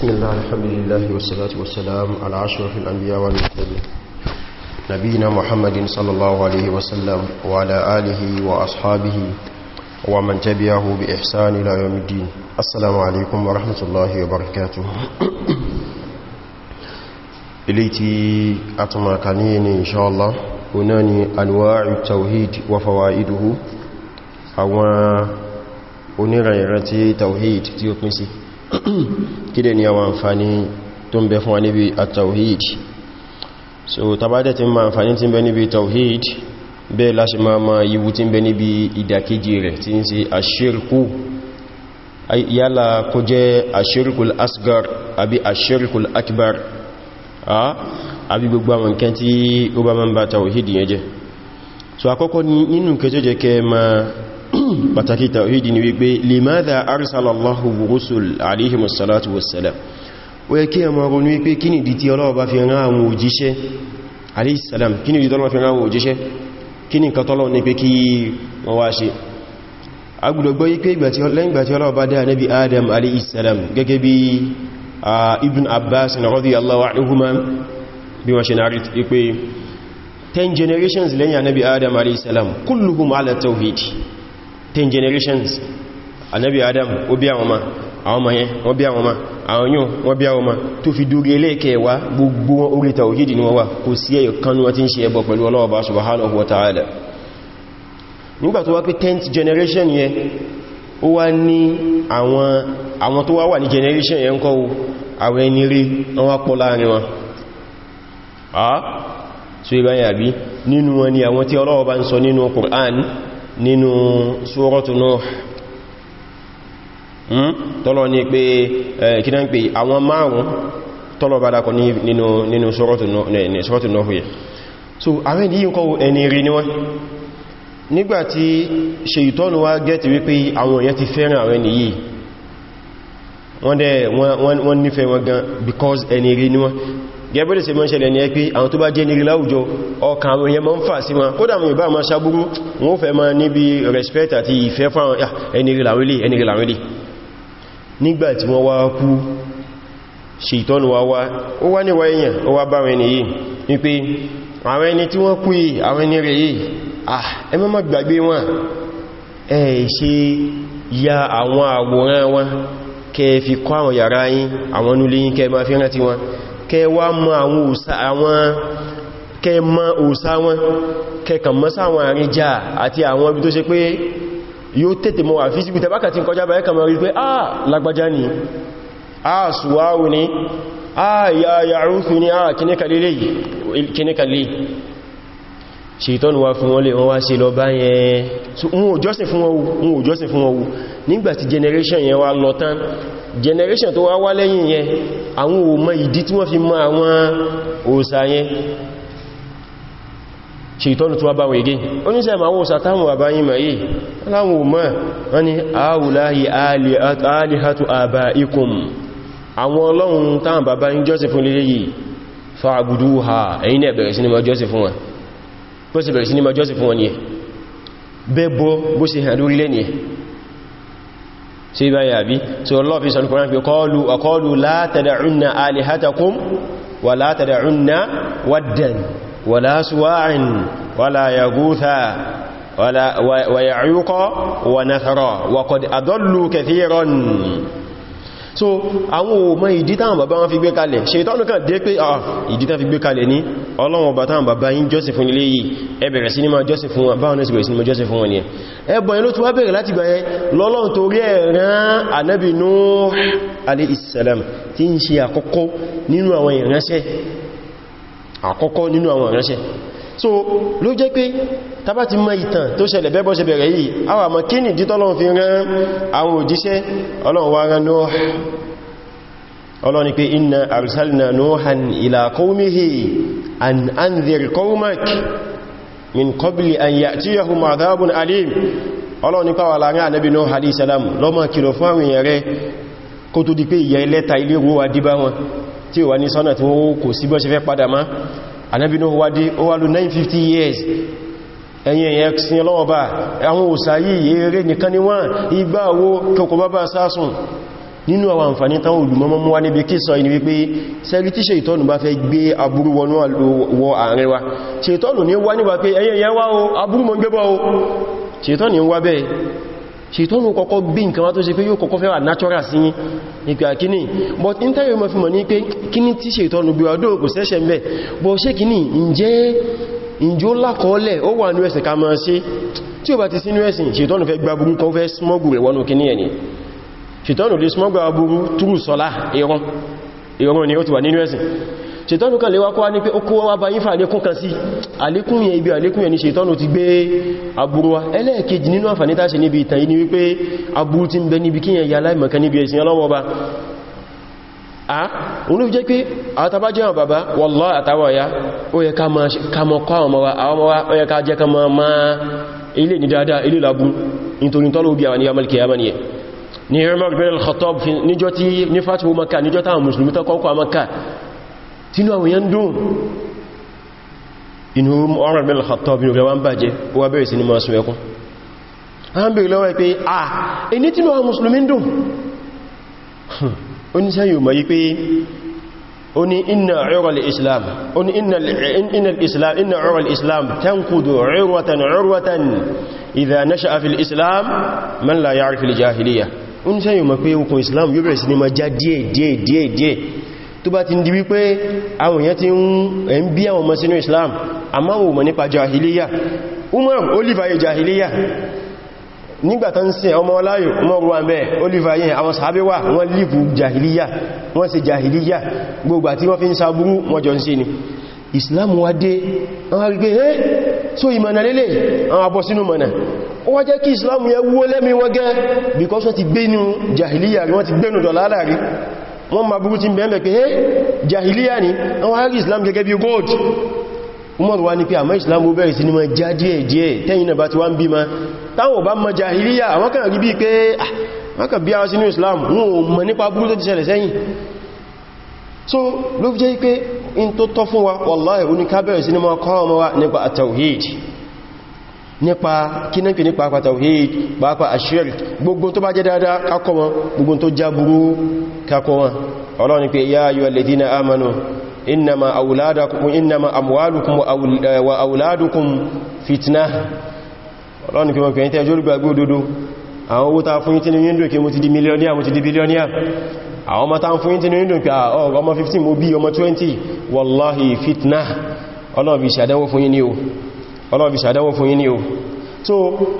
بسم الله الحمد لله والصلاة والسلام على أشرف الأنبياء والمرسلين نبينا محمد صلى الله عليه وسلم وعلى آله وأصحابه ومن تبعه بإحسان إلى يوم الدين السلام عليكم ورحمة الله وبركاته إليتي أتمكنيني إن شاء الله هناني أنواع التوحيد وفوائده أو ونرى رتي توحيد تيوكنسي kí dẹ̀ ni àwọn àǹfàní tó ń bẹ fún wa níbi àtàwíd so tàbádẹ̀ tí ma àǹfàní tí ń bẹ níbi tàwíd bẹ́ẹ̀ láṣe ma ma yíwu tí ń bẹ níbi ìdàkejì rẹ̀ tí ń ṣe àṣírkú yálà kó jẹ́ àṣírkul asgar àbí àṣírkul akbar àbí gbogbo àwọn nǹkan tí ó bá ma ń bá tàwíd yẹn jẹ́ so àkọ́kọ́ nínú kẹjọ́ jẹ́ kẹ ma pàtàkì tàwídì ni wípé limadha arsalallahu rusul alayhimu salatu wassalam ó yẹ kí ẹmọ ronú wípé kí nìdí tí Ọlọ́run bá fi rán àwọn òjíṣẹ́ alayhisalam kí nìdí Ọlọ́run bá fi rán àwọn òjíṣẹ́ kí ní nǹkan tọ́lọ́ ní pé kí wọ́n wá ṣe agbùdọ̀gbọ́ yí pé lẹ́yìn gbàtí Ọlọ́run bá dá ànábì Adam alayhisalam gẹ́gẹ́ bí generations lẹ́yìn ànábì Adam alayhisalam kulluhum ala tawhid 10 generations anabi adam ó bí àwọn ọmọ àwọn won yẹn awoma bí àwọn won àwọn awoma to fi duri ọmọ tó fi dúró ẹlẹ́ẹ̀kẹwàá gbogbo wọn orí tawhid ni wọ́n wà kò sí ẹyọ kan wọ́n ti ń ṣe ẹbọ pẹ̀lú Ọlọ́run subhanahu wa ta'ala nígbà tó wá pé 10th generation yẹn ó wá ní awon tó wa wà ní generation yẹn kọ́ àwọn ẹni rí wọ́n wá pọ̀ láàrin wọn ah so ìbáyàbí nínú wọn ni awon ti Ọlọ́run bá ń sọ Qur'an nínú suratu Nuh hmm? tọ́lọ ní pé kí náà ń pè àwọn márùn tọ́lọ bá dákọ̀ nínú suratu Nuh yẹ so àwọn ìdí ń kọwọ́ ẹni rí níwọ́n nígbàtí ṣèyítọ́nù wá gẹ́ẹ̀tì wípé àwọn èèyàn ti fẹ́ràn àwọn ẹni yìí wọ́n dẹ̀ wọ́n because ẹni rí gẹ́bẹ̀rẹ̀ sí mọ́ ṣẹlẹ̀ ní ẹ pé àwọn tó bá jẹ́ nírí láwùjọ ọkàn àwọn èèyàn mọ́ ń fà sí wọn kódà mú ìbá máa ṣàbúrú wọ́n fẹ́ máa níbi respect àti ìfẹ́ fún ẹnirí làwílì ẹnirí ah ẹ má má gbàgbé ya àwọn àwòrán wọn kẹ fi kọ́ àwọn yàrá yín àwọn nulé kẹ máa fi rántí wọn kẹwa mọ àwọn òsà àwọn kẹmọ òsà wọn kẹkàn mọ́ sáwọn àríjà àti àwọn ibi tó ṣe pé yóò tètè mọ́ wà tẹbákà tí kọjá báyẹ́ kàmọ̀ rí pé ah lágbàjá ni ah suwawu ni ah ya ya'uthu ni ah kíníkàlélé ṣètọ́nù wa fún wọn lè wọ́n wá sí lọ bá yẹn wọn ò jọ́sìn fún wọn wù nígbàtí generation yẹn wá lọ tán generation tó wá wá lẹ́yìn yẹn àwọn ò mọ ìdí tí wọ́n fi mọ àwọn òòsà yẹn ṣe ìtọ́nù tó wá bá wègé oníṣẹ́ ma wọ́n sàtàmù bàbá yìí ma yìí aláwọ̀ mọ́ wọ́n ni àwùláhì alìhàtù àbá ikùn àwọn ọlọ́run táwọn bàbá yìí jọ́sìn fún lílé yìí fa'abudu ha ẹ̀yìn ẹ̀bẹ̀rẹ̀ sí ni ma jọ́sìn fún wọn bó sì bẹ̀rẹ̀ sí ni ma jọ́sìn fún wọn tí bá yà bí tí Allah fi sọ Al-Qur'an fi qalu wa qalu la tada'unna alihatakum wa la tada'unna waddan wa la suwa'in wa la yaghutha wa ya'uqa wa nathra wa qad adallu kathiran so àwọn òmọ ìdí táwọn bàbá wọn fi gbé kalẹ̀ ṣètọ́nù kan dé pé ah ìdí tán fi gbé kalẹ̀ ní ọlọ́wọ̀n bá táwọn bàbá yín jọ́sìn fún ilé yìí ẹ bẹ̀rẹ̀ sí ní máa jọ́sìn fún wọn báwọn náà sì bẹ̀rẹ̀ sí ní máa jọ́sìn fún ni ẹ ẹbọn yẹn ló ti wá bẹ̀rẹ̀ láti gbà yẹn so ló jẹ́ pé tàbá ti mọ ìtàn tó ṣẹlẹ̀ bẹ́bọ́ ṣe bẹ̀rẹ̀ yìí àwọn àmọ́ kí ni dítọ́lọ́n fi rán àwọn òjíṣẹ́ ọlọ́run wá rán Nuh ọlọ́run ni pé inna arsalna Nuhan ila qawmihi an tí ò ní sọ́nà tí wọ́n kò sí bọ́ ṣe fẹ́ padà máa anábì Nuhu wá dé ó wá lò 950 years ẹ̀yìn ẹ̀yẹ sin ọlọ́wọ́ bá àwọn òsàyí eré nìkan ni wọ́n igbá owó kọkọ bábá sásùn nínú àwọn àǹfàní táwọn olùmọ́mọ́ mú wá níbi kí sọ ìní wípé sẹ́rí tíṣẹ́ ìtọ́nù bá fẹ́ gbé aburú wọnú wọ ààrẹ wa ṣètọ́nù ní wá níwà pé ẹ̀yẹ ẹ̀yẹ wá o aburú mọ́ gbébọ́ o ṣètọ́nù ń wá bẹ́ẹ̀ ṣètọ́nù kọ́kọ́ bí nǹkan wá tó ṣe pé yóò kọ́kọ́ fẹ́wà natural sí yí ìpé àkíní but intanet ma fi mọ̀ ní pé kíní tí ṣètọ́nù bí ọdún kò sẹ́ṣẹ̀ mẹ́ bọ́ ṣe kíní ǹjẹ́ ìjó lákọọ́lẹ̀ ó wà ní ẹ̀sìn ká máa ṣe tí ó bá ti sí ní ẹ̀sìn ṣètọ́nù fẹ́ gba burú kan fẹ́ smọ́gù rẹ̀ wọnú kíní ẹni ṣètọ́nù lè smọ́gù aburú túrù sọlá ìran ìran ni ó ti wà nínú ẹ̀sìn ṣètọ́nù kan lè wá kọ́ wá ní pé ó kó wá bá yífà àlékún kan sí àlékún yẹn ibi àlékún yẹn ni ṣètọ́nù ti gbé aburú wa ẹlẹ́ẹ̀kejì nínú àǹfààní tá níbi ìtàn ni wípé aburú ti ń bẹ níbi kíyàn ya aláìmọ̀kan níbi ẹ̀sìn ọlọ́wọ́ ba òun fi jẹ́ pé àtàbá jẹ́ àwọn bàbá wọ́lọ́ àtàwà ya ó yẹ ká mọ́ kọ́ àwọn ọmọ wa àwọn ọmọ wa ó yẹ ká jẹ́ ká mọ́ máa ilé ní ni yamal kiyama ni yẹ ni Umar bin níjọ́ tí ní fatihu Makkah níjọ́ táwọn musulmi tó kọ́kọ́ Makkah tínú àwọn èèyàn dùn inú Umar bin Khattab inú rẹwà ń bàjẹ́ ó wá bẹ̀rẹ̀ sí ní máa sun ẹkún a ń bèèrè lọ́wọ́ pé à ẹni tínú àwọn mùsùlùmí dùn ó ní sẹ́yìn mọ̀ yí pé ó ní inna urwal islam ó ní inna urwal islam tankudu urwatan urwatan idha nasha'a fil islam man la ya'rif al jahiliya ó ní sẹ́yìn mọ̀ pé okùn islam yóò bẹ̀rẹ̀ sí ní máa já díẹ̀ díẹ̀ díẹ̀ díẹ̀ tó bá ti di wípé àwọn èèyàn ti ń bí àwọn ọmọ sínú Islam àmọ́ wọn ò mọ̀ nípa jahiliya Umar oliver yẹ jahiliya nígbàtán sí ọmọ ọláyò mọ́rún àmẹ́ oliver yẹn àwọn sàábé wọ́n lífù jahiliya wọ́n ṣe jahiliya gbogbo àti wọ́n fi ń sàbúrú wọ́n ni Islam wá dé so ìmọ̀nà lélẹ̀ àwọn abọ́ sínú ó wá jẹ́ kí Islam yẹ wó lẹ́mí wọ́n gẹ́ because wọ́n ti gbénu jahiliya rí wọ́n ti gbénu dọ̀lá láàrin wọ́n ma burú ti bẹ̀ẹ̀mẹ̀ pé hey jahiliya ni wọ́n wá islam gẹ́gẹ́ bí gold umar wa ni pé àmọ́ islam ó bẹ̀rẹ̀ sí ní ma já díẹ̀ díẹ̀ tẹ́yìn náà bá ti wá ń bí ma táwọn bá ma jahiliya àwọn kan rí ah, bí pé islam wọn ò mọ̀ nípa burú so ló fi jẹ́ pé wa wallahi oníkábẹ̀rẹ̀ sí wa nípa at nípa kínápì nípa àpá tawhid pàápàá ashirk gbogbo tó bá jẹ́ dáadáa kakọ wọn gbogbo tó já burú kakọ wọn ọlọ́ni pé ya ayyuhal ladhina amanu innama awladakum innama amwalukum wa eh, awladukum fitna ọlọ́ni pé wọ́n tẹ́jọ́ olùgbàgbé òdodo ọlọ́bí sàdánwò fún yín ní o so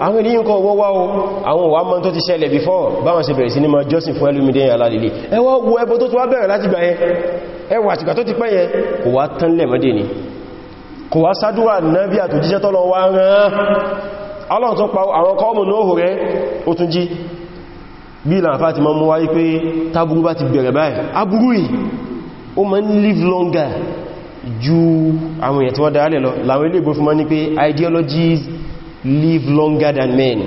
àwọn ilé yínkọ owó wá o àwọn òwà mọ́ tó ti ṣẹlẹ̀ before báwọn ṣe bẹ̀rẹ̀ sí ní ma jọ́sìn fún ẹlúmìdé alálìlé ẹwọ́ wo ẹbọ tó tó wá bẹ̀rẹ̀ láti gbà yẹn ẹwà àtìgbà tó ti pẹ́ yẹn kò wá tán lẹ̀mọ́dé ni kò wá sádúwà náàbí àtòjíṣẹ́ tọ́lọ wá rán alọ́n tó pa àwọn kọ́ọ̀mù nóòhù rẹ̀ ó tún jí bí ìlànàfà ti mọ́ mú wáyé pé tábúrú bá ti bẹ̀rẹ̀ báyìí abúrú yìí ó ma ń live longer ju àwọn èyàn tí wọ́n dáálẹ̀ lọ láwọn ilé ìgbò fún mọ́ ní pé ideologies live longer than men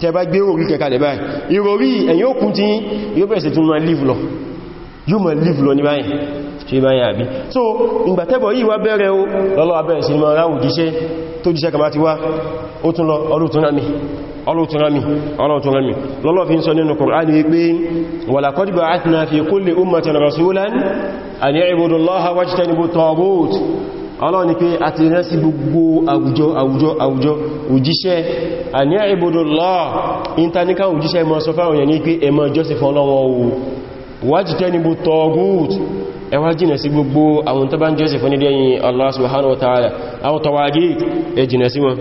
tẹ bá gbé orí kẹkàlẹ̀ báyìí ìròrí ẹ̀yìn òkú tí yóò bẹ̀rẹ̀ sí tún máa live lọ yóò máa live lọ ní báyìí ṣe báyìí àbí so ìgbàtẹ́bọ̀ yìí wá bẹ̀rẹ̀ o lọ́lọ́ abẹ́rẹ̀ sí máa ráwù jíṣẹ́ tó jíṣẹ́ kàmá ti wá ó tún lọ ọdún tún náà ọlọ́túnrami ọlọ́túnrami lọ́lọ́ fi ń sọ nínú Kùránì wípé wa laqad ba'athna fi kulli ummatin rasulan an i'budu Allaha wajtanibu at-taghut ọlọ́ni pé a ti rán sí gbogbo àwùjọ àwùjọ àwùjọ òjíṣẹ́ an i'budu Allaha intanika òjíṣẹ́ mọ́ sọ fáwọn yẹn ní pé ẹmọ jọ́sìn fún ọlọ́wọ́ wajtanibu jìnà sí gbogbo àwọn tó bá ń jọ́sìn fún ní dẹ́yìn Allah subhanahu wa ta'ala àwọn tawagit ẹ jìnà sí wọn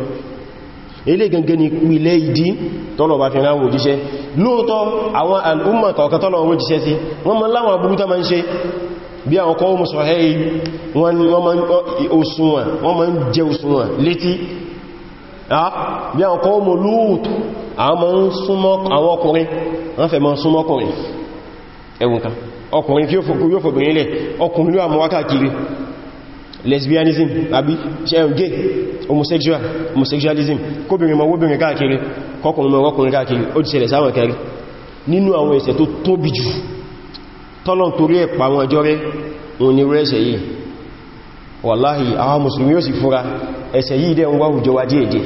ilé gangan ni pìlẹ̀ ìdí tọ́lọ̀ bá fi rán wò jíṣẹ́ lóòótọ́ àwọn al'umma kọ̀ọ̀kan tọ́lọ̀ wọ́n jíṣẹ́ sí wọ́n mọ́ láwọn abúrútọ́ ma ń ṣe bí àwọn kọ́ mú sọ̀rẹ́ wọ́n ma ń jẹ òṣùwọ̀n létí bí àwọn kọ́ mú lóòtù àwọn ọkùnrin wọ́n fẹ́ mọ́ súnmọ́kùnrin ẹwùn kan ọkùnrin kí yóò fòbìnrin lẹ̀ ọkùnrin ló àmọ́wákàkiri lesbianism àbí gay homosexual homosexualism kóbìnrin mọ̀ wóbìnrin káàkiri kọkùnrin mọ̀ wọ́kùnrin káàkiri ó ti ṣẹlẹ̀ sáwọn kẹrì nínú àwọn ẹ̀ṣẹ̀ tó tóbi jù tọ́lọ̀ torí ẹ̀pà àwọn ọjọ́ rẹ̀ òun ni rẹ̀ ẹ̀ṣẹ̀ wa díẹ̀díẹ̀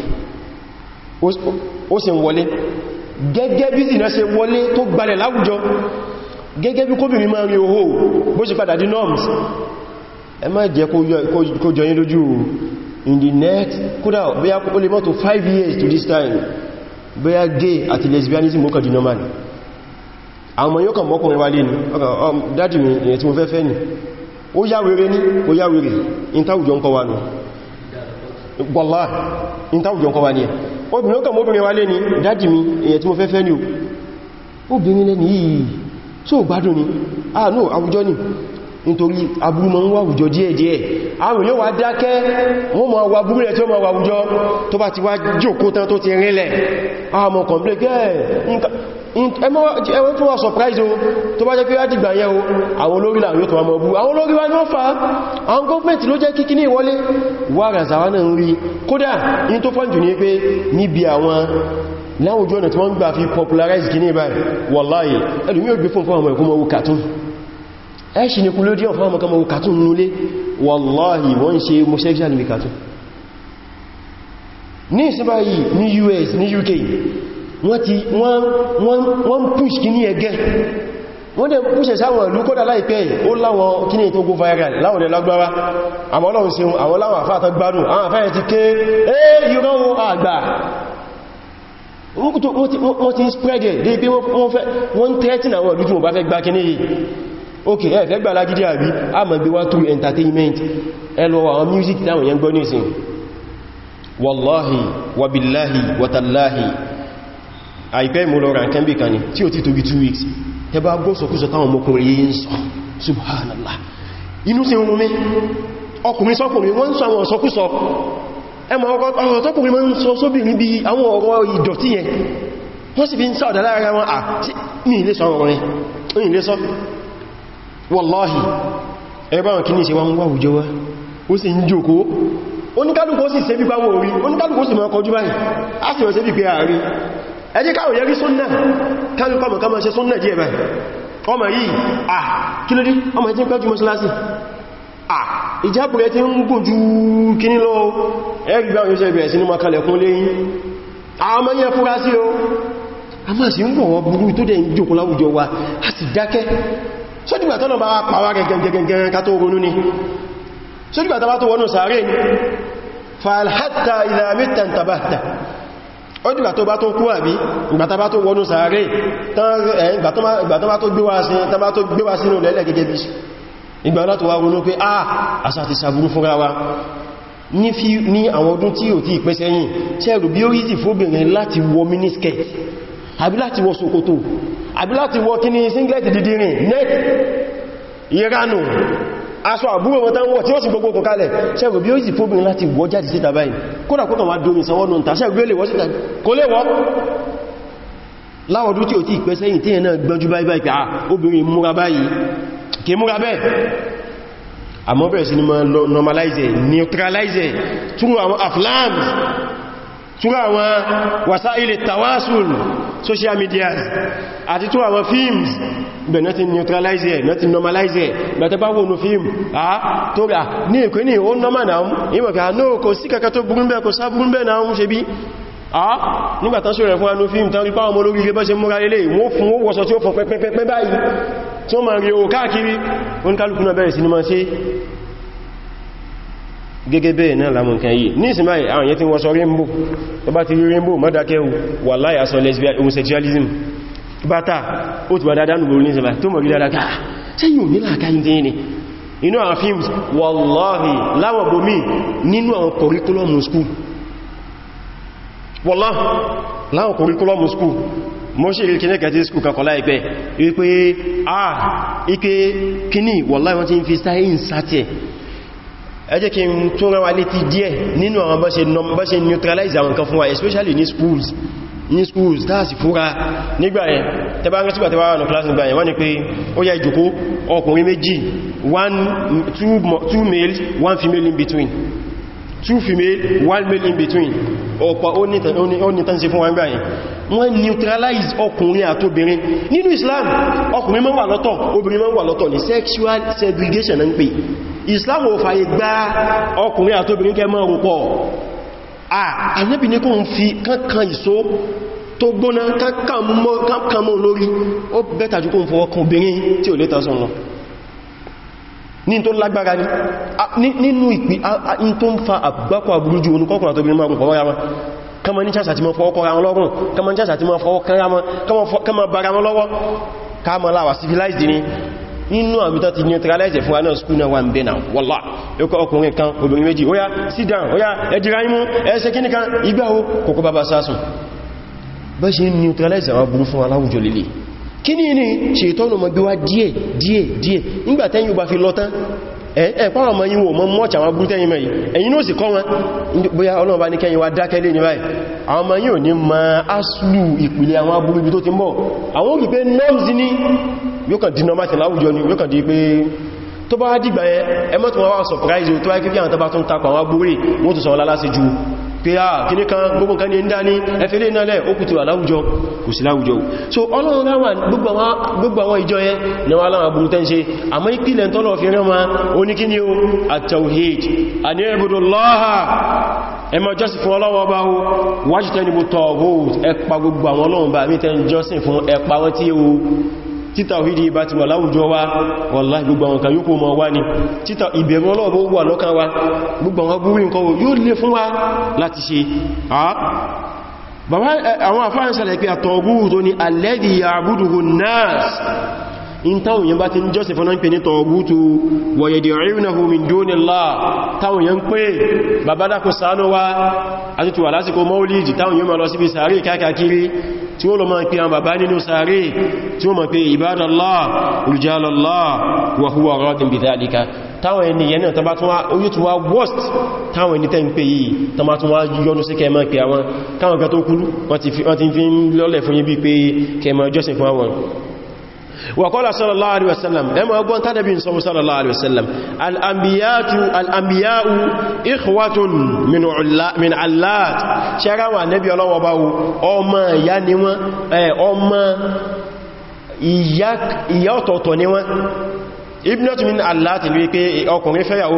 ó sì ń wọlé gẹ́gẹ́ bí zìnà ṣe wọlé tó gbalẹ̀ láwùjọ gẹ́gẹ́ bí kóbìnrin máa rí ohò norms ẹ má jẹ́ kó jọyín lójú in the next kódà bóyá ó lè mọ́ tó 5 years to this time bóyá gay àti lesbianism ó kàdì normal àwọn ọmọ yóò kàn mọ́kùnrin wà lè ní oh, dájì mi èyẹ tí mo fẹ́ fẹ́ ní ó yáwèrè ní ó yáwèrè ìntàwùjọ ń kọ wa nù wọ́lá ìntàwùjọ ń kọ wa ní ẹ̀ obìnrin ó kàn mọ́bìnrin wà lè ní dájì mi èyẹ tí mo fẹ́ fẹ́ ní obìnrin lẹ́ni yìí tí ó gbádùn ní ah no àwùjọ ni nítorí aburú ma ń wà àwùjọ díẹ̀díẹ̀ àwọn yóò wá dákẹ́ wọ́n ma wà burú rẹ̀ tí ó ma wà àwùjọ tó bá ti wá jókòó tán tó ti rinlẹ̀ àmọ́ kọ̀m̀plẹ̀ ẹwọ́n tó wà surprise o tó bá jẹ́ pé láti gbà yẹn o àwọn olórí làwọn yóò tó wà mọ̀ bú àwọn olórí wá ní wọ́n fa àwọn gọ́ọ̀mẹ́ntì ló jẹ́ kíkí ní ìwọlé wà ràzàwà náà ń rí kódà gbà fi popularize kìíní báyìí wàláyìí ẹlùmí ò gbé fún fún àwọn ẹ̀kọ́ mọ́wó ẹ́ṣì ní kúlódí ọ̀fún àwọn ọmọkọmọ kàtún nulé wallahi wọ́n ṣe homosexual ní kàtún ní ìsinmá yìí ní US ní UK wọ́n ti wọ́n push kí ní ẹgẹ́ wọ́n dẹ̀ púṣẹ̀ sáwọn ìlú kódà láìpẹ́ ó láwọn kíní tó go viral láwọn ẹlọ́gbára àwọn ọlọ́run ṣeun àwọn láwọn àfáà tán gbádùn àwọn àfáà ti ké ẹ́ yíò ránwọ́ àgbà wọ́n ti ń spread ẹ̀ dé pé wọ́n tẹ́ẹ̀tì àwọn ìlú tí wọ́n bá fẹ́ gbá kíní yìí ok ẹ fẹ́ gbà lágídí àbí a mọ̀ gbé wá through entertainment ẹ lọ àwọn music táwọn yẹn gbọ́ nísìn wallahi wabillahi watallahi àìpẹ́ mo lọ ra nǹkan bí kan ni tí ó ti tó bí 2 weeks ẹ bá gbọ́ sọkúsọ táwọn ọmọkùnrin yìí ń sọ subhanallah inú sí orin mi ọkùnrin sọkùnrin wọ́n ń sọ àwọn sọkúsọ ẹmọ ọ̀rọ̀ tọ́kùnrin mọ́ ń sọ sóbìnrin bí àwọn ọ̀rọ̀ ìdọ̀tí yẹn wọ́n sì fi ń sáàdà lára wọn à tí ní ilé sọ ọ̀rọ̀ rẹ̀ ní ilé sọ wallahi ẹbáwọn kí ní ṣe wọn wáwù jọ wá ó sì ń jòkó oníkálùkù sì ṣe bí pàwọ̀ orí oníkálùkù sì mọ́ kọjú báyìí a sì wọ́n ṣe bí pé ààrí ẹjẹ́ káwọ̀ yẹrí súnnà kálùkù kọmọ ṣe súnnà díẹ̀ báyìí ọmọ yìí à kí ló dé ọmọ ẹjẹ́ pẹ́jú mọ́sílásì à ìjábù rẹ̀ ti ń gùn ju kíní lọ ẹgbẹ̀ báwọn yóò ṣe bẹ̀rẹ̀ sí ní makalẹ̀kún lẹ́yìn àwọn ọmọ yẹn fúra sí o a máa sì ń bọ̀ wọ́n burú tó dẹ̀ ń jòkó láwùjọ wa a sì dákẹ́ sójúgbà tọ́nà bá wá pàwà gẹ̀gẹ̀gẹ̀gẹ̀gẹ̀ ká tó ronú ni sójúgbà tọ́bá tó wọnú sàárè ní fàálhátà ìlàmítà tàbátà ó dìgbà tó bá tó kú àbí ìgbà tó bá tó wọnú sàárè ìgbà tó bá tó gbé wá sínú lẹ́lẹ̀ gẹ́gẹ́ bí ìgbà láti wá ronú pé ah àṣà ti sàbúrú fúnra àbí láti wọ ṣòkòtò àbí láti wọ kí ni singlet dìdì rìn neck ìranù aṣọ àbúrò wọn tán wọ tí ó sì gbogbo kò kalẹ̀ ṣẹ́gbẹ̀ bí ó sì fóbin láti wọ jáde síta báyìí kódà kókàn wá domi sanwọ́nù ta ṣẹ́gbẹ̀ lè wọ́ síta kò lè wọ́ láwọ̀dún ah, ni normalize neutralize túnrọ àwọn aflams túnrọ àwọn wasaili tawasul social media àti tún àwọn films bẹ̀ náà ti neutralize ẹ̀ náà ti normalize ẹ̀ bẹ̀tẹ́ bá wọnú film àá tó rà ní ìpín ní ó normal náà ìmọ̀ká náà kò sí kẹkẹ tó burú bẹ́ẹ̀ kò sá burú bẹ́ẹ̀ náà ń ṣe bí àá nígbàtán sọ rẹ̀ fún anú film tán rí pàwọn ọmọ olórí rẹbọ́ ṣe múra lélẹ̀ wọ́n fún wọ́sọ tí ó fọ̀ pẹ́pẹ́pẹ́ báyìí tí ó ma rí o káàkiri oníkálùkù náà bẹ̀rẹ̀ sí ni ma ṣe gẹ́gẹ́ bẹ́ẹ̀ náà lámọ̀ nǹkan yìí ní ìsinmi àwọn yẹn tí wọ́n sọ rainbow tó bá ti rí rainbow mọ́dákẹ́ wà láì aṣọ lesbian homosexualism bátà ó ti wà dáadáa nù lórí ìsinmi tó mọ̀ rí dáadáa káà ṣe yìí ò bomi nínú àwọn curriculum school wallahi láwọn curriculum school mọ́ ṣe ìrìnkí nẹ́kà tí ah, ike kíní wallahi wọ́n ti ń fi sáyé ìsáti ẹ jẹ́ kí n tún rán wa létí díẹ̀ nínú àwọn bá ṣe neutralize àwọn kan fún wa especially ní schools ní schools dáàsì fúra nígbà ẹ̀ tẹbá rántí gbàtẹwà àwọn class nígbà ẹ̀ wọ́n ni pé ó yá ìjòkó ọkùnrin méjì two male one female in between two female one male in between ọ̀pọ̀ ó ní tánṣe fún wọn gbà ẹ̀ wọ́n neutralize ọkùnrin àtobìnrin nínú Islam ọkùnrin máa ń wà lọ́tọ̀ obìnrin máa ń wà lọ́tọ̀ ní sexual segregation ń pè islam ò fàyè gba ọkùnrin àtóbìnrin kẹ mọ́ rúpọ̀ ànábì ní kò ń fi kankan ìṣó tó gbóná kankan mọ́ lórí ó bẹ́ta jù kó ń fọwọ́ kan obìnrin tí ò lè tán sọ́nà ní tó lágbára ní nínú ìpí in tó ń fa àgbákọ̀ àbúrújú onúkọ́kùnrin àtóbìnrin márùn-ún fọwọ́ ra kama ní ṣàṣà tí ma fọwọ́ kọra wọn lọ́rùn kama ní ṣàṣà tí ma fọwọ́ kọra wọn kama bara wọn lọ́wọ́ kama láwà civilized ni inú àbítọ́ ti neutralize fún anáà skúnà wà ń bẹ́ náà wọ́lá ẹkọ́ ọkùnrin kan obìnrin méjì ó yá sit down ó yá ẹjìra imú ẹsẹ kí nìkan igbáwó kòkó bàbá sásùn bẹ́ ṣe neutralize àwọn burú fún aláwùjọ lílé kí ní ní ṣètọ́nù mọ̀ gbé wá díẹ̀ díẹ̀ díẹ̀ nígbàtẹ́ yóò bá fi lọ tán ẹ̀pá ọmọ yín wò mọ́ mọ́ọ̀tí àwọn burú tẹ́yìn mẹ́yìn ẹ̀yin ó sì kọ́ wọn bóyá Ọlọ́run bá ní kẹ́yìn wá yóò kàn di normal láwùjọ ni yóò kàn di pé tó bá dìgbà yẹn ẹmọ́ tó wá surprise tó wáyé kí àwọn tàbá ń takọ̀ àwọn agbórí wọ́n tó sọ lálásí ju pé à ah, kíní kan gbogbo nǹkan ní ń dá ẹfẹ́lẹ́ ìnálẹ̀ ó kùtù àláwùjọ kò sí láwùjọ so ọlọ́run láwọn gbogbo àwọn ìjọ yẹn ni wọ́n aláwọ̀ burú tẹ́ ń ṣe àmọ́ ìpìlẹ̀ tọ́lọ̀ fi rán wọn oníkíní o at-tawhid àní ẹ̀bùdùlọ́ha ẹmọ jọ́sìn fún ọlọ́wọ́ bá ó wájú tẹ́ níbo tọ́ tí tàwídí bá ti wà láwùjọ wa wallahi gbogbo àwọn kan yóò mọ̀ wá ní títà ìbẹ̀rù Ọlọ́run wà lọ́kàn wa gbogbo àwọn búrú nǹkan yóò lè fún wa láti ṣe àwọn àfáànsàlẹ̀ pé àtọ̀gúrù tó ní alladhi ya'buduhu an in táwọn yẹn bá ti ń jọ́sìn fún pè ní tọ̀ọ̀gútù wọ̀yẹ̀dẹ̀ ríunahu min dunillah táwọn yẹn pé babadako sanowa àti tuwà lásìkò maulidi táwọn yẹn ma lọ síbi sàárè kákàkiri tí ó lọ máa pè àwọn bàbá nínú sàárè tí ó máa pè ibadallah rijalallah wa huwa radin bidhalika táwọn ẹni yẹn náà tọba tún wá orí tún wá worst táwọn ẹni tẹ́ ń pè yìí tọba tún wá yọnu sí kẹma pè àwọn káwọn gẹ́ tó kú wọ́n ti fi ń lọ́lẹ̀ fún yí bí pé وقال صلى الله عليه وسلم اما اغبون تنبي صلى الله عليه وسلم الانبياء الانبياء اخوه من علا من علات شرع النبي الله وباو اوما يا ني وان اوما iyak ìyá ọ̀tọ̀ọ̀tọ̀ ni wọ́n ibnat min allati wípé ọkùnrin fẹ́yàwó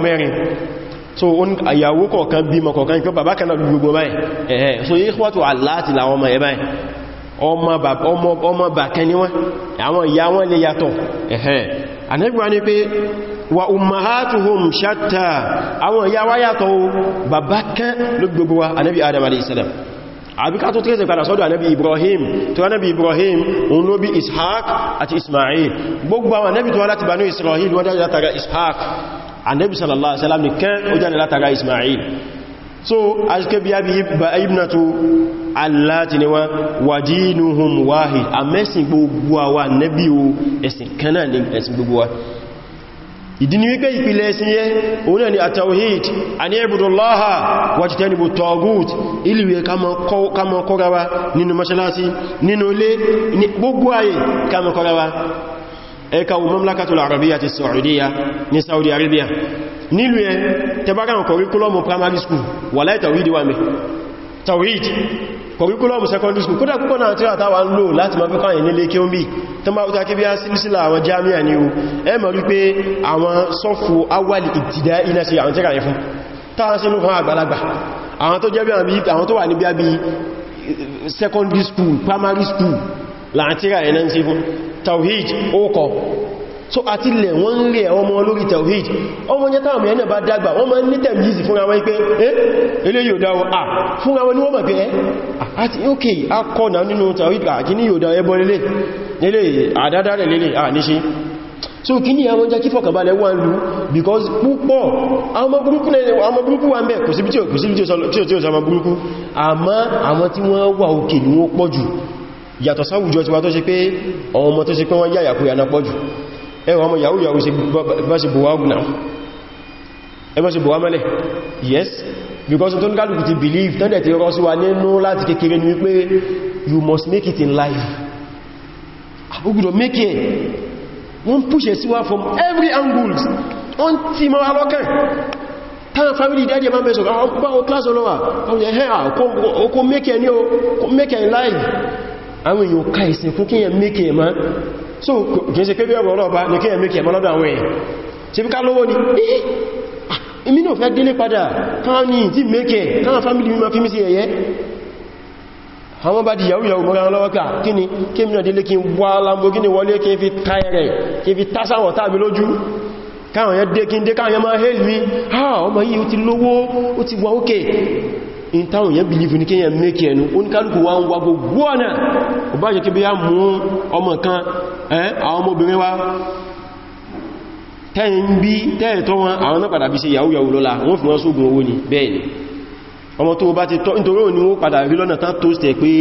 so ìyàwó kọ̀ọ̀kan bímọ kọ̀ọ̀kan ìpé bàbá kanáà gbogbo so yíkwàtò allati láwọn ọmọ ẹ báyìí ọmọ bàkan ni wọ́n àwọn ìyá wọn lè yàtọ̀ ẹ̀hẹ́n anẹ́gbà ní pé wa ummahatuhum shatta àwọn ìyá wa yàtọ̀ bàbá kan ló gbogbo wa anẹ́bí adam alayhi salam àbíká tó tẹ́sẹ̀ padà sọ́dọ̀ ànábì ibrahim tó ànábì ibrahim òun ló bí ishaq àti ismail gbogbo àwọn ànábì tó wá láti banú israel wọ́n jáde látara ishaq ànábì sallallahu alaihi wasallam nìkan ó jáde látara ismail so a ṣe kébí ibnatu aláti ni wọ́n wàdínuhum wáhì àmẹ́sìn gbogbo àwa nẹ́bí o ẹ̀sìn kanáà ní ẹ̀sìn gbogbo wa ìdí ni wípé ìpìlẹ̀ ẹ̀sìn yẹ òun náà ni àtàwíhìd àní ẹ̀bùdùláhà wàjítẹ́nìbò tọ́gùt ìlúwẹ̀ kàmọ̀ kọ́rawa nínú mọ́ṣálásí nínú ilé gbogbo ayé kàmọ̀ Saudiya ní Saudi Arabia nílùú ẹ tẹbára ọkọ̀ curriculum primary school wà láì tàwídí curriculum secondary school kódà púpọ̀ náà tíra táwà ń lò láti ma fíkọ́ àyìn nílé kí ó ń bí tó máa wúta kí bí a sílísílà àwọn jami'a ni o ẹ mọ̀ wípé àwọn sọ́fù awali ìtìdá iná sí àwọn tíra yẹn fún táwọn sínú fún àgbàlagbà àwọn tó secondary school primary school láàtíra ẹ̀nà sí fún tawhid ó so ati le wọ́n le rí ẹ̀wọ́n ọmọ olórí tawhid ọmọ jẹ́ táwọn ẹ̀nà bá dàgbà wọ́n ma ní tẹ̀mìsì fún àwọn ipé eh ilé yóò dáwọ́ à fún àwọn ní wọ́n eh? Ati okay, àti ok akọ́nà nínú tawhid àkí ní yóò dá ẹbọ lélẹ̀ lélẹ̀ àdádá rẹ̀ lélẹ̀ à níṣe so kini ní àwọn jẹ́ kí fọ̀kànbalẹ̀ wà ń lú because púpọ̀ àwọn burúkú wà ń bẹ̀ kò síbi tí ó sọ àwọn burúkú àmọ́ àwọn tí wọ́n wà òkè ní wọ́n pọ̀ jù yàtọ̀ sáwùjọ tí wà tó ṣe pé ọmọ tó ṣe pé wọ́n yáyà kó yà náà pọ̀ jù ẹwà ọmọ yahoo yahoo bá ṣe yes because tó ń kálùkù ti believe tẹ́lẹ̀ ti rọ́ sí wa nínú láti kékeré ní wípé you must make it in life àbúgbùdó make it wọ́n púṣẹ̀ síwá from every angle wọ́n ti mọ́ alọ́kàn táwọn family daddy ma mẹ́sọ̀ àwọn ah, ọkùnbá wọn class ọlọ́wà ọmọ ẹ̀hẹ́ àkó make it ní o make it in life àwọn èèyàn ká ìsìnkú kíyàn make it ma so gẹ̀ẹ́sẹ̀ pé bí ọ̀rọ̀ ọlọ́ọ̀bá ní kí ẹ̀mí kí ẹ̀mọ́ lọ́dọ̀ àwọn èèyàn tí ká lówó ní eh, ah, èmi náà fẹ́ délé padà káà tí mẹ́kẹ̀ káà fámílì mímọ̀ fi mí sí ẹ̀yẹ́ àwọn bá di yàwó yàwó mọ́ra lọ́wọ́ ká kí ni kí mìíràn délé kí wá Lamborghini wọlé kí fi táyẹ in táwọn yẹn believe ní kíyàn mékì ẹnu oníkálùkù wá ń wa gbogbo ọ̀nà ọba jẹ́ kí bí yá mú ọmọ kan eh, àwọn ọmọbìnrin wá tẹ́yìn bí tẹ́ẹ̀tọ́ wọn àwọn náà padà bí ṣe yahoo lọ́la wọ́n fi wọ́n sógun owó ni bẹ́ẹ̀ ni ọmọ tó bá ti tọ́ nítorí òní wó padà rí lọ́nà tán tó ṣe pé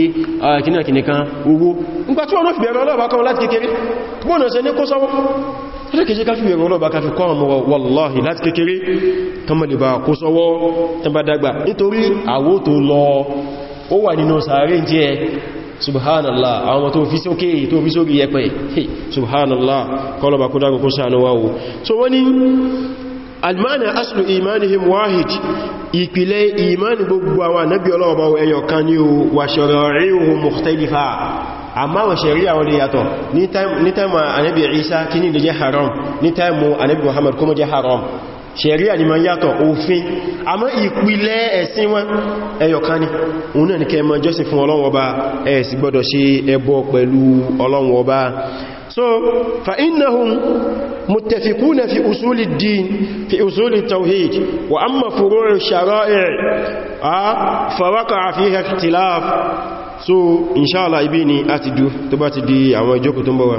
ah, kìnnìkan owó nígbàtí ọjọ́ kejì ká fi ẹ̀rọ ọlọ́ba ká fi kọ́ ọmọ wọ́láhì láti kékeré kọmọlìbà kó sọwọ́ tẹbàdàgbà nítorí àwó tó lọ ó wà nínú sàárè jẹ́ subhanallah àwọn tó fi sókè tó fi sórí yẹpẹ̀ subhanallah àmáwọn ṣẹ̀ríà wọn lè yàtọ̀ ní taimu ànábì Isa kí ní lè jẹ́ haram ní taimu ànábì Muhammad kó mọ́ jẹ́ haram ṣẹ̀ríà ni ma yàtọ̀ òfin àmọ́ ìpìlẹ̀ ẹ̀sìn wọn ẹyọkan ni òun náà ni kẹ so fa متفقون في أصول الدين في أصول التوحيد وأما فروع الشرائع فوقع فيها اختلاف so inṣáàlá ibi ni a ti du tó bá ti di àwọn ìjókòó tó ń bọ̀ wá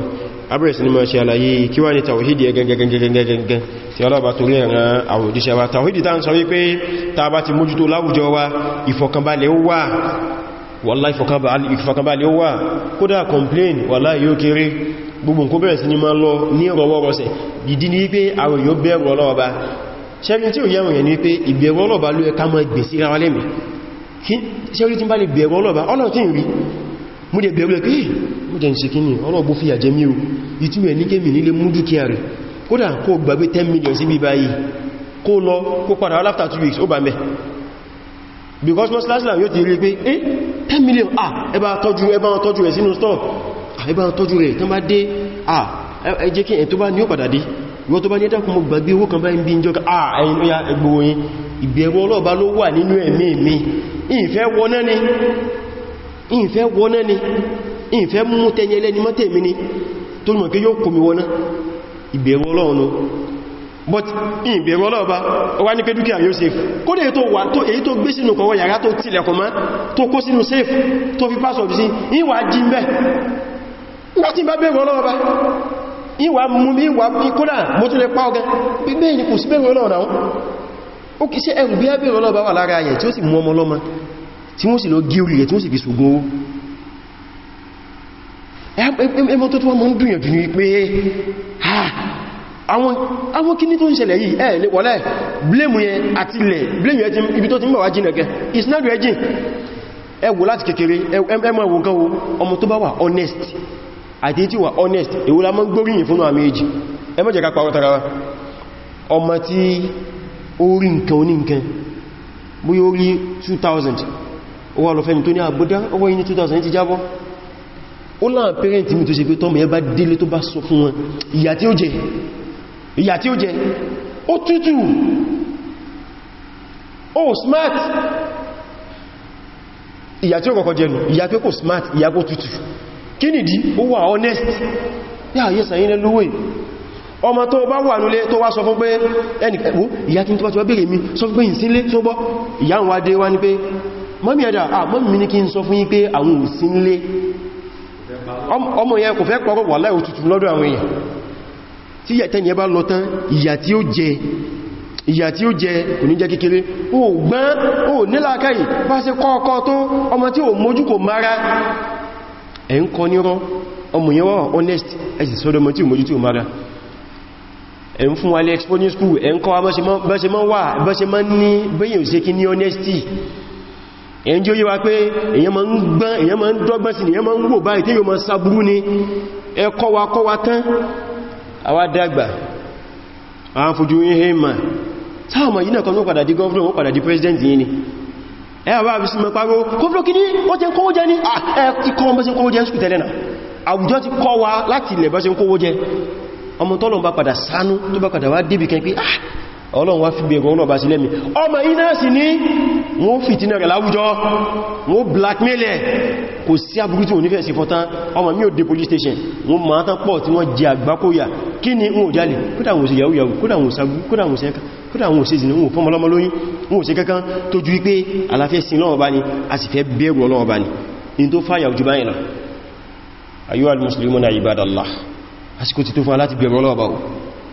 abẹ́rẹ̀ sí ni máa ṣe àlàyé kí wá ní tàwíhìdì ẹgẹgẹgẹgẹgẹgẹ tí ọlọ́bà torí ẹ̀ràn àwòdíṣẹ́ wa tàwíhìdì tá ń sọ wípé ta bá ti mójútó complain wọ́lá yóò kéré gbogbo nǹkan bẹ̀rẹ̀ sí ni máa lọ ní rọwọ́rọsẹ̀ ìdí ni wípé àwọn èèyàn bẹ̀rù ọlọ́ọ̀bá ṣẹ́rin tí ò yẹ́wọ̀n ṣe orí tí bá lè bẹ̀rù ọlọ́ba ọlọ́run tí ń rí mú dẹ̀ bẹ̀rù ẹ̀ pé mú dẹ̀ ń ṣe kíní ọlọ́gbó fíyà jẹ mí o ìtú ẹ̀ ní kémì nílé mú dúkìá rẹ̀ kódà kó gbàgbé 10 million sí bí báyìí kó lọ kó padà after two weeks ó bá mẹ́ because most last yóò ti rí pé eh 10 million ah ẹba tọ́jú ẹba tọ́jú rẹ̀ sínú store ah ẹba tọ́jú rẹ̀ tán bá dé ah ẹjẹ́ kí ẹ̀ tó bá ní ó padà dé ìwọ́n tó bá ní ẹ́dàkùn mo gbàgbé owó kan báyìí bí ìjọ́ ah ẹ̀yìn ó yá ẹgbòwòyìn ìbẹ̀rù ọlọ́ọ̀bá ló wà nínú ẹ̀mí mi ìfẹ́ wọná ni ìfẹ́ wọná ni ìfẹ́ mú tẹni ẹlẹ́ni mọ́tẹ̀ mi ni tó mọ̀ kí yóò kò mi wọná ìbẹ̀rù ọlọ́ọ̀nà but ìbẹ̀rù ọlọ́ọ̀bá wá ní pé dúkìá yóò safe kó lè tó wà tó èyí tó gbé sínú kọ̀wọ́ yàrá tó tilẹ̀kùn mọ́ tó kó sínú safe tó fi password sí ìwà jí ìwà mú mo tún lè pa ọgán bí bẹ́ẹ̀ ni kò sí bẹ̀rù ọlọ́ọ̀nà ó kì í ṣe ẹ̀rù bí ábìnrin ọlọ́bá wà lára ayẹ̀ tí ó sì mú ọmọ lọ́mọ tí wọ́n sì lọ gí orí rẹ̀ tí wọ́n sì fi ṣògùn owó ẹmọ tó tó wọ́n mọ́ ń dùnyànjú ní pé àwọn kíní tó ń ṣẹlẹ̀ yìí ẹ̀ lè wọ́lẹ̀ blame yẹn àti ilẹ̀ blame yẹn ibi tó ti ń bọ̀ wá jìnà gẹ it's not regin ẹ wò láti kékeré ẹmọ ẹwọ gan o ọmọ tó bá wà honest àti tí wà honest èwo la mọ́ gbóríyìn fún àmì èjì ẹ jẹ́ ká parọ́ tara wa ọmọ tí orí nǹkan oní nǹkan bó yóò rí 2000 owó alọ́fẹ́ni tó ní àbúdá owó yìí ní 2000 ti jábọ́ ó láà pẹ́rẹ́ntì mi tó ṣe pé tọ́mù ẹ bá délé tó bá sọ fún wọn ìyà tí ó jẹ ìyà tí ó jẹ ó tútù ó smart ìyà tí ó kọ̀kọ́ jẹnu ìyà pé kò smart ìyà kò tútù kí nìdí ó wà honest yáà ah, yẹ́sàn yínlẹ́ lówó ọmọ tó bá wà nílé tó wá sọ fún pé ẹnìkú ìyá kí n tó wá bèèrè mi sọ fún pé ìsínlé tó gbọ́ ìyá ń wá dé wá ní pé mọ́mí ẹ̀dà àmọ́mí mi ní kí n sọ fún yín pé àwọn òsínlé ọmọ yẹn kò fẹ́ pọ̀rọ̀ wà láì òtútù lọ́dọ̀ àwọn èèyàn tí yàtẹ́ni ẹ bá lọ tán ní jẹ o gbọ́n o nílàkàyì bá ṣe ọmọ yẹn wọ́n honest ẹ̀sì sọ́dọ̀mọ́ tí o mójú tí o mara ẹ ń fún wa lé school ẹ ń kọ́ wa bọ́ṣe mọ́ wà bọ́ṣe mọ́ ní bẹ́yìn òṣè kí ní honesty ẹ ń jí ó yíwa pé èyàn ma ń gbọ́n èyàn ma ń dọ́gbọ́n sí èyàn ma ń wò báyìí tí ma sàbúrú ni ẹ kọ́ wa kọ́ wa tán àwa dàgbà àwọn fojú ihe ma sáàmà yìí náà na ló padà di gọ́ọ̀fúnà wọ́n ni ti ọmọ tọ́lọ̀ bá padà sánú tó bá padà wá débì kan pé ah ọlọ́run wá fi gbẹ̀rọ ọlọ́ba sí lẹ́mi ọmọ iná sì ní wọ́n fìtínà rẹ̀ láwùjọ wọ́n blackmail ẹ̀ kò sí aburú tí wọ́n nífẹ̀ẹ́ sí fọ́tán ọmọ mi ò dé police station wọ́n máa tán pọ̀ tí wọ́n jẹ àgbákóyà kí ni wọ́n jálẹ̀ kódà wọ́n sí yahoo yahoo kódà wọ́n sagbú kódà wọ́n sẹ́ka kódà wọ́n sí ìzìnà wọ́n fọ́mọ lọ́mọ lóyún wọ́n sí kankan tó ju wípé a sì fẹ́ bẹ̀rù ọlọ́wọ́ bá ní in tó fáyà ojú báyìí lọ ayúwà al ibadallah àsìkò ti tó fún aláti bẹ̀rẹ̀ ọlọ́ọ̀bá o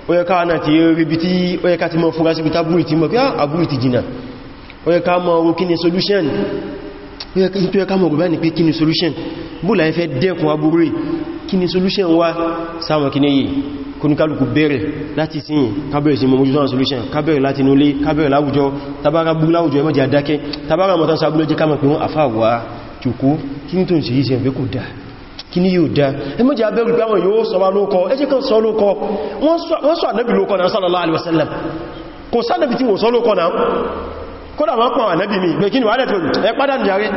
ó yẹ káà náà ti rí bí tí ó yẹ ká ti mọ́ fúnra sí pítà búrì tí mọ̀ pé ah, àbúrì ti jìnà ó ká mọ̀ oró kí solution ó yẹ ká mọ̀ rúbá ní pé kí ni solution bóòlà ẹ fẹ́ dẹ́kun àbúrì kí solution wá sáwọn kí ni yìí kóníkálùkù bẹ̀rẹ̀ láti sí kábẹ̀rẹ̀ sí mọ̀mójú sáwọn solution kábẹ̀rẹ̀ láti inú ilé kábẹ̀rẹ̀ láwùjọ tabára bú láwùjọ ẹmọ́ jẹ́ àdákẹ́ tabára mọ̀tán sábúlé jẹ́ ká mọ̀ pé wọ́n àfáà wà jùkú kí ní tó ń ṣe yìí sí ẹ̀fẹ́ kò dáa kí ní yóò dá ẹmọ́jẹ́ abẹ́rù pé àwọn yóò sọwá lóòkọ́ ẹjẹ́ kan sọ lóòkọ́ wọ́n sọ ànábì lóòkọ́ náà sallallahu alaihi wasallam kò sánàbì tí wò sọ lóòkọ́ náà kódà wọ́n pọ̀ ànábì mi gbé kí ni wàhálẹ̀ tó ẹ padà jàre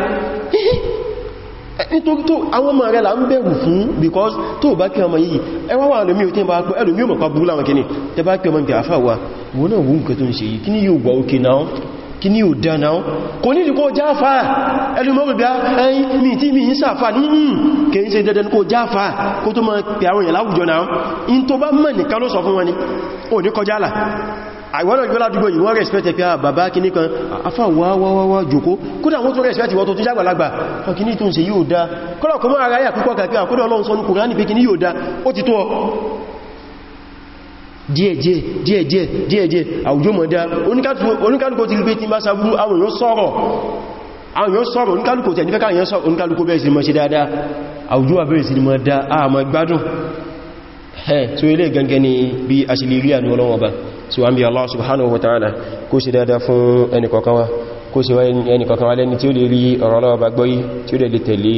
nítorí tó àwọn ọmọ because tó bá kí ọmọ yìí ẹwà wà lómí ò tí ń bá pẹ́ ẹlòmí ò mọ̀ pa búrú láwọn kìíní tẹ bá kí kí ní ò dán náà kò ní ìdíkò jáfà ẹlùmọ́gbẹ̀bẹ̀ ẹyìn mi tí mi ń sàfà ní ìhìn kèyí ṣe dandan kò jáfà kó tó máa pẹ̀ àwọn èèyàn ni ò ní kọjá là àìwọ́nà ìgbẹ́lá dúgbò yìí wọ́n rẹ̀spẹ̀tẹ̀ pé ah, bàbá kìní kan afá wáwáwá jòkó kódà wọ́n tó rẹ̀spẹ̀tì wọ́n tó tó jágbàlagbà kìní tó ń ṣe yóò dá kọ́lọ̀kọ́ mọ́ ara yà púpọ̀ kàkí díẹ̀díẹ̀ díẹ̀díẹ̀ díẹ̀díẹ̀ àwùjọ mọ̀dá oníkálùkò ti gbé tí bá sàbúrú àwọn èèyàn sọ̀rọ̀ àwọn èèyàn sọ̀rọ̀ oníkálùkò tẹ̀ nífẹ́ká èèyàn sọ̀rọ̀ oníkálùkò bẹ̀rẹ̀ sí mọ́ sí dáadáa àwùjọ àbẹ̀rẹ̀ sí mọ́ dá àmà gbádùn ẹ̀ tó ilé gangan ni bí a ṣe lè rí àánú ọlọ́wọ́ bá so an bí Allah subhanahu wa ta'ala kó ṣe dáadáa fún ẹnì kọ̀ọ̀kan wa kó ṣe wá ẹnì kọ̀ọ̀kan wa lẹ́ni tí ó lè rí ọ̀rọ̀ ọlọ́wọ́ bá gbọ́yí tí ó lè tẹ̀lé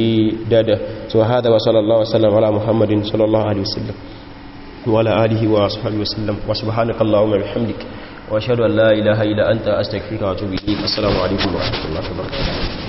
dáadáa so hada wa sallallahu alaihi wa sallam ala muhammadin sallallahu alaihi wa وعلى آله وصحبه وسلم وسبحانك اللهم وبحمدك وأشهد أن لا إله إلا أنت أستغفرك وأتوب إليك السلام عليكم ورحمة الله وبركاته